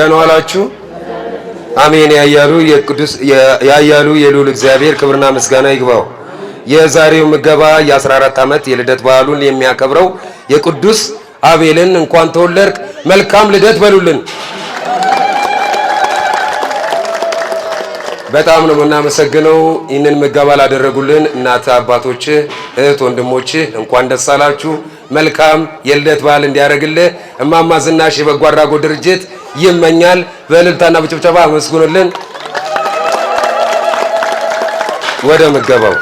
ደህና ዋላችሁ። አሜን። ያያሉ የቅዱስ ያያሉ የልዑል እግዚአብሔር ክብርና ምስጋና ይግባው። የዛሬው ምገባ የ14 ዓመት የልደት በዓሉን የሚያከብረው የቅዱስ አቤልን እንኳን ተወለድክ መልካም ልደት በሉልን። በጣም ነው የምናመሰግነው። ይህንን ምገባ ላደረጉልን እናት አባቶች እህት ወንድሞች እንኳን ደስ አላችሁ። መልካም የልደት በዓል እንዲያደርግልህ እማማ ዝናሽ የበጎ አድራጎት ድርጅት ይመኛል። በእልልታና በጭብጨባ አመስግኑልን። ወደ ምገባው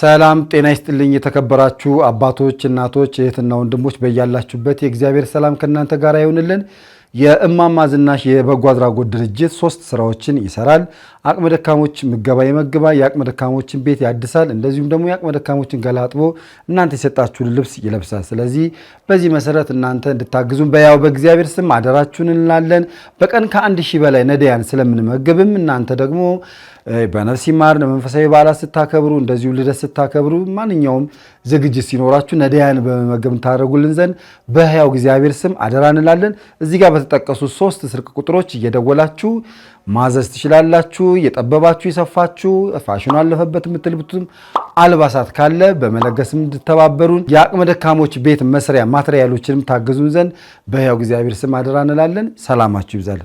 ሰላም ጤና ይስጥልኝ። የተከበራችሁ አባቶች፣ እናቶች፣ እህትና ወንድሞች በያላችሁበት የእግዚአብሔር ሰላም ከእናንተ ጋር ይሆንልን። የእማማ ዝናሽ የበጎ አድራጎት ድርጅት ሶስት ስራዎችን ይሰራል። አቅመ ደካሞች ምገባ የመግባ የአቅመ ደካሞችን ቤት ያድሳል። እንደዚሁም ደግሞ የአቅመ ደካሞችን ገላጥቦ እናንተ የሰጣችሁን ልብስ ይለብሳል። ስለዚህ በዚህ መሰረት እናንተ እንድታግዙን በያው በእግዚአብሔር ስም አደራችሁን እንላለን። በቀን ከአንድ ሺህ በላይ ነዳያን ስለምንመገብም እናንተ ደግሞ በነፍስ ይማር መንፈሳዊ በዓላት ስታከብሩ፣ እንደዚሁም ልደት ስታከብሩ፣ ማንኛውም ዝግጅት ሲኖራችሁ ነዳያን በመመገብ እንታደረጉልን ዘንድ በህያው እግዚአብሔር ስም አደራ እንላለን። እዚህ ጋር በተጠቀሱት ሶስት ስልክ ቁጥሮች እየደወላችሁ ማዘዝ ትችላላችሁ። እየጠበባችሁ የሰፋችሁ ፋሽኑ አለፈበት የምትልብቱም አልባሳት ካለ በመለገስ እንድተባበሩን የአቅመ ደካሞች ቤት መስሪያ ማትሪያሎችንም ታግዙን ዘንድ በሕያው እግዚአብሔር ስም አደራ እንላለን። ሰላማችሁ ይብዛል።